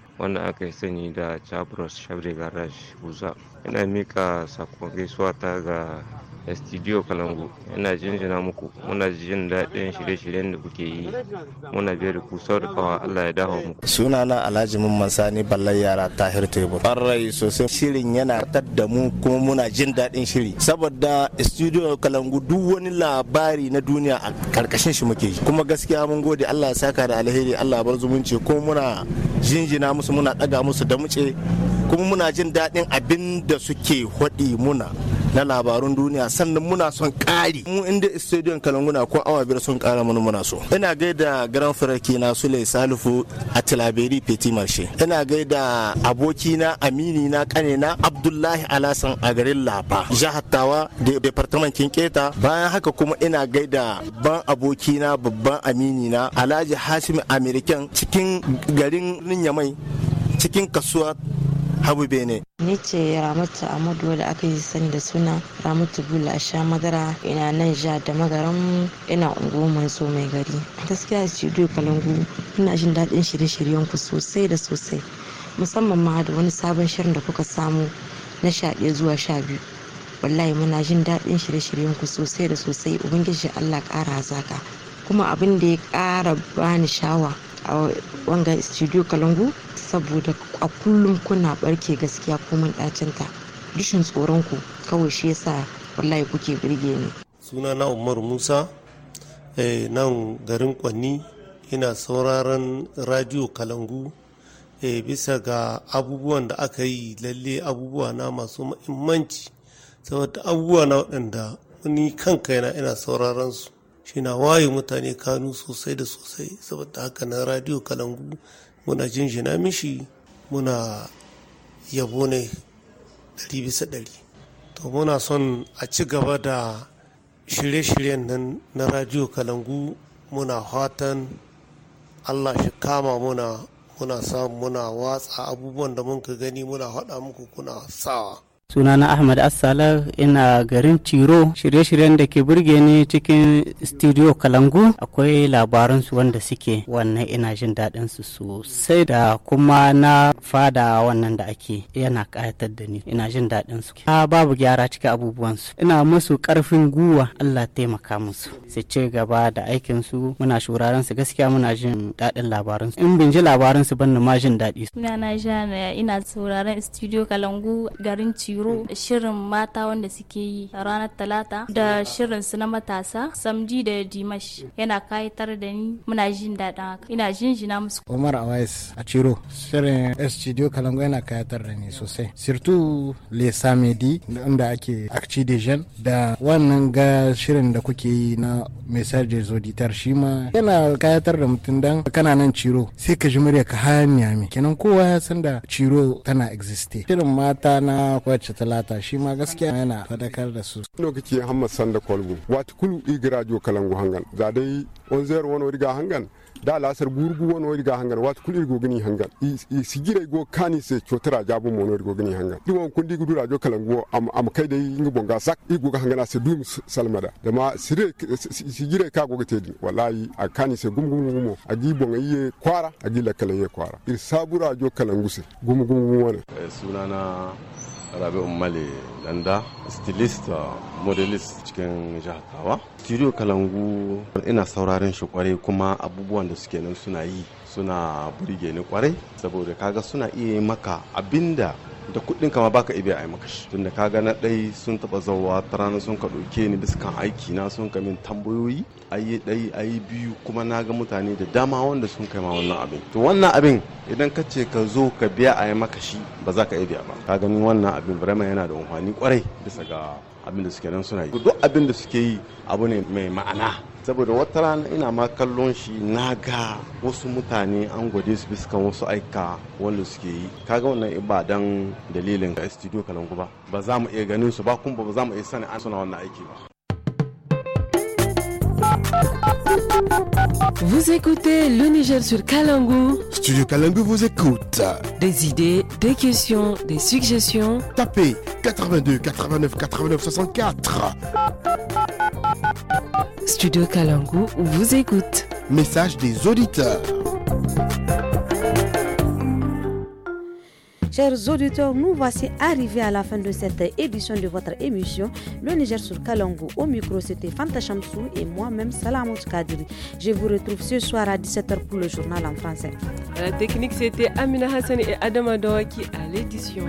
wanda aka yi sani da chabros shabri garage buza ina mika sakon gaisuwa ta ga a studio kalangu yana jinjina muku muna jin daɗin shirye-shiryen da kuke yi muna biyar ku sau da kawa allah ya dawo muku sunana alhaji mumman sani ballar yara tahir tebur ɓarrai sosai shirin yana tar da mu kuma muna jin daɗin shiri saboda studio kalangu duk wani labari na duniya a karkashin shi muke kuma gaskiya mun gode allah ya saka da alheri allah bar zumunci kuma muna jinjina musu muna ɗaga musu da muce kuma muna jin daɗin abin da suke haɗi muna na labarun duniya sannan muna son ƙari mu inda stadium kalanguna ko awa biyar sun ƙara mana muna so ina gaida garan faraki na sule salifu a tilaberi peti marshe ina gaida abokina amini na kane na abdullahi alasan a garin lafa jihar tawa da departamentin keta bayan haka kuma ina gaida ban abokina babban amini na alhaji hashim american cikin garin yamai cikin kasuwa habu bene ni ce ramatu amadu wadda aka yi sani da suna ramatu bula sha madara ina nan ja da magaran ina unguwar so mai gari gaskiya studio kalangu ina jin daɗin shirye-shiryen ku sosai da sosai musamman ma da wani sabon shirin da kuka samu na sha zuwa sha biyu wallahi muna jin daɗin shirye-shiryen ku sosai da sosai ubangiji allah ƙara hazaka kuma abin da ya ƙara bani shawa a wanga studio kalangu saboda a kullum kuna barke gaskiya komin ɗacinta dushin tsoron ku kawai shi yasa wallahi kuke birge ni suna na umar musa eh, nan garin kwanni ina sauraron radio kalangu eh, bisa ga abubuwan da aka yi lalle abubuwa na masu mahimmanci saboda abubuwa na waɗanda ni kanka yana ina sauraron su shi na waye mutane kanu sosai da sosai saboda haka na radio kalangu muna jinjina mishi muna yabo ne ɗari bisa ɗari to muna son a ci gaba da shirye-shiryen nan na radio kalangu muna fatan allah shi kama muna muna samu muna watsa abubuwan da mun ka gani muna haɗa muku kuna sawa sunana ahmad Asala ina garin ciro shirye-shiryen da ke burge ni cikin studio kalangu akwai labaransu wanda suke wannan ina jin daɗin su sosai da kuma na fada wannan da ake yana ƙayatar da ni ina jin daɗin su babu gyara cikin abubuwan su ina musu ƙarfin guwa allah taimaka musu su ce gaba da aikin su muna shuraren su gaskiya muna jin daɗin labaran su in bin ji labaran su ban ma jin daɗi sunana jana ina sauraron studio kalangu garin ciro biro mm. shirin mata wanda suke yi ranar talata da shirin su na matasa samji da dimash yana kayatar da ni muna jin daɗin haka ina jina musu umar awais a ciro shirin studio kalango yana kayatar da ni sosai surtout les samedi inda ake akci de jeune da wannan ga shirin da kuke yi na message zoditar shi ma yana kayatar da mutum dan kana nan ciro sai ka ji murya ka hanya kenan kowa ya san da ciro tana existe shirin mata na kwace shi talata shi ma gaskiya yana fadakar da su lokaci hamad sanda kolbu wata kulu igirajo kalangu hangan za dai on zero wani riga hangan da lasar gurgu wani wani ga hangar wata kulir go gini hangar i gira go kani se a jabu ma wani go gini hangar di won kundi gudu rajo kalango am am kai dai ingi bonga sak i go hangana se dum salmada da ma sire gira ka go gete wallahi a kani sai gum gumo a gi bonga iye kwara a gi la kalan ye kwara ir sabura rajo kalangu se gum gumo ne eh, sunana rabi male landa stylist uh, modelist cikin jihar tawa studio kalangu ina sauraron shi kwarai kuma abubuwan da suke nan suna yi suna burge ni kwarai saboda kaga suna iya maka abinda da kuɗin kama baka ibe a yi maka shi tunda ka na ɗai sun taɓa zauwa ta rana sun ka ɗauke ni bisa kan aiki na sun ka min tambayoyi ayi ɗai ayi biyu kuma na ga mutane da dama wanda sun kai ma wannan abin to wannan abin idan ka ce ka zo ka biya a yi maka shi ba za ka iya ba ka gani wannan abin vraiment yana da amfani kwarai bisa ga abin da suke nan suna yi duk abin da suke yi abu ne mai ma'ana saboda wata rana ina ma kallon shi na ga wasu mutane an gwade su biskan wasu aika wanda suke yi kaga wannan ibadan dalilin ga studio kalangu ba ba za mu iya ganin su ba kuma ba za mu iya sani an suna wannan aiki ba Vous écoutez le Niger sur Kalangu. Studio Kalangu vous écoute. Des idées des questions, des suggestions, tapez 82 89 89 64. Studio Kalangu vous écoute. Message des auditeurs. Chers auditeurs, nous voici arrivés à la fin de cette édition de votre émission Le Niger sur Kalongo, Au micro, c'était Fanta Chamsou et moi-même Salamot Kadiri. Je vous retrouve ce soir à 17h pour le journal en français. la technique, c'était Amina Hassan et Adam Adouaki à l'édition.